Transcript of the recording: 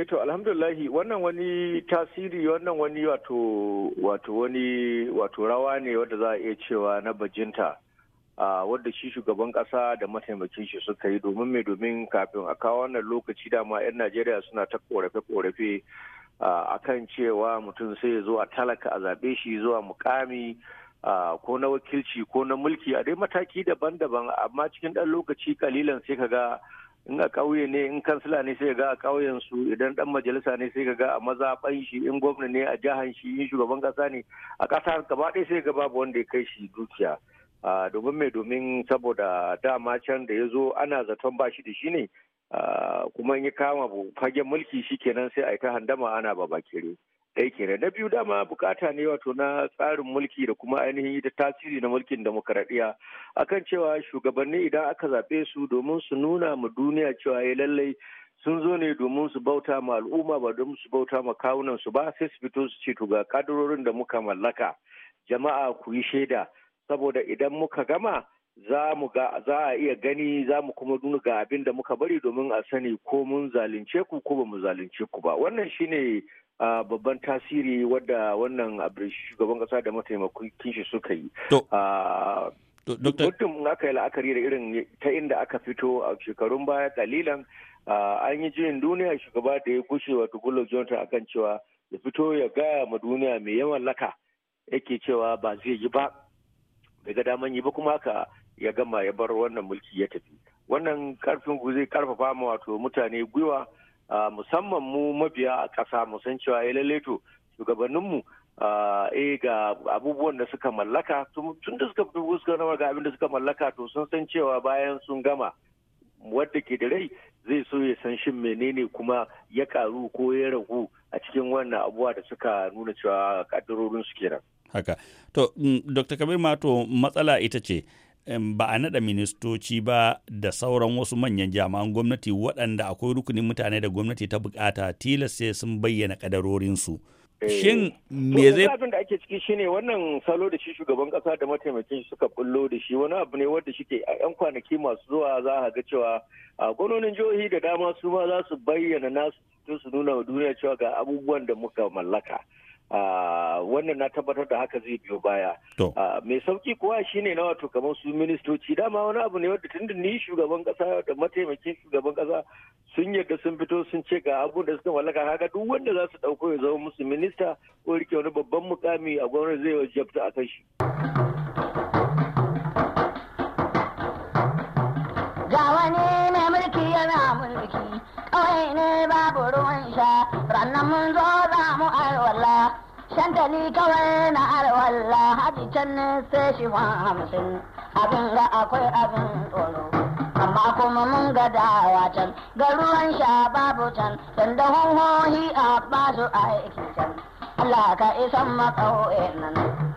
eh to alhamdulillahi wannan wani tasiri wannan wani wato wato wani wato rawa ne wanda za a iya cewa na bajinta a wadda shi shugaban kasa da mataimakin shi suka yi domin mai domin kafin a kawo wannan lokaci dama 'yan najeriya suna ta korafe-korafe a kan cewa mutum sai zo a talaka a zaɓe shi zuwa mukami ko na wakilci ko na mulki a dai mataki daban-daban amma cikin ɗan lokaci kalilan sai ka ga in a ƙauye ne in kansila ne sai ga a ƙauyen su idan dan majalisa ne sai ga a mazaɓan shi in gwamna ne a jahan shi in shugaban ƙasa ne a ƙasa gaba ɗaya sai ga babu wanda ya kai shi dukiya domin mai domin saboda dama can da ya zo ana zaton ba shi da shi ne kuma in ya kama fagen mulki shi kenan sai a yi ta handama ana babakere ɗaya kenan na biyu dama bukata ne wato na tsarin mulki da kuma ainihin da tasiri na mulkin demokaradiyya akan cewa shugabanni idan aka zaɓe su domin su nuna ma duniya cewa ya eh, lallai sun zo ne domin su bauta ma al'umma ba domin su bauta ma kawunan su ba sai su fito su ce to ga kadarorin da muka mallaka jama'a ku yi shaida saboda idan muka gama za mu ga za a iya gani za mu kuma nuna ga abin da muka bari domin a sani ko mun zalunce ku ko ba mu zalunce ku ba wannan shine babban tasiri wadda wannan abin shugaban kasa da mataimakon shi suka yi. Mutum aka yi la'akari da irin ta inda aka fito a shekarun baya kalilan an yi jirin duniya shugaba da ya gushe wato Goodluck a akan cewa ya fito ya gaya ma duniya mai yawan laka yake cewa ba zai yi ba bai ga daman yi ba kuma haka ya gama ya bar wannan mulki ya tafi wannan karfin zai karfafa ma wato mutane gwiwa musamman mu mabiya a ƙasa musan cewa ya eh, lalle to shugabanninmu a eh, ga abubuwan da suka mallaka tun da suka fito suka nama ga abin da suka mallaka to sun san cewa bayan sun gama wadda ke da rai zai so ya san shin menene kuma ya karu ko ya ragu a cikin wannan abubuwa da suka nuna cewa kaddarorin su kenan haka to mm, dr kabir mato matsala ita ce ba a naɗa ministoci ba da sauran wasu manyan jami'an gwamnati waɗanda akwai rukunin mutane da gwamnati ta bukata tilas sai sun bayyana kadarorinsu. Eh, Shin me zai abin da ake ciki shine wannan salo da shi shugaban kasa da mataimakin shi suka bullo da shi wani abu ne wanda shike a yan kwanaki masu zuwa za a ga cewa a gwamnonin jihohi da dama su ma za su bayyana nasu su nuna wa duniya cewa ga abubuwan da muka mallaka. Ah, wannan na tabbatar da haka zai biyo baya ah, mai sauki kuwa shine na wato kamar su ministoci dama wani abu ne wadda tun da ni shugaban kasa da mataimakin shugaban kasa sun yadda sun fito sun ce ga abu da suka mallaka haka duk wanda za su dauko ya zama musu minista ko rike wani babban mukami a gwamnati zai wajabta a kan shi ga wani mai mulki yana mulki mun zo za mu alwala shantali kawai na alwala haji can ne sai shi wa hamsin abin ga akwai abin tsoro amma kuma mun ga dawa can ga ruwan sha babu can can da hohohi a basu aiki can Allah ka isan makau'in nan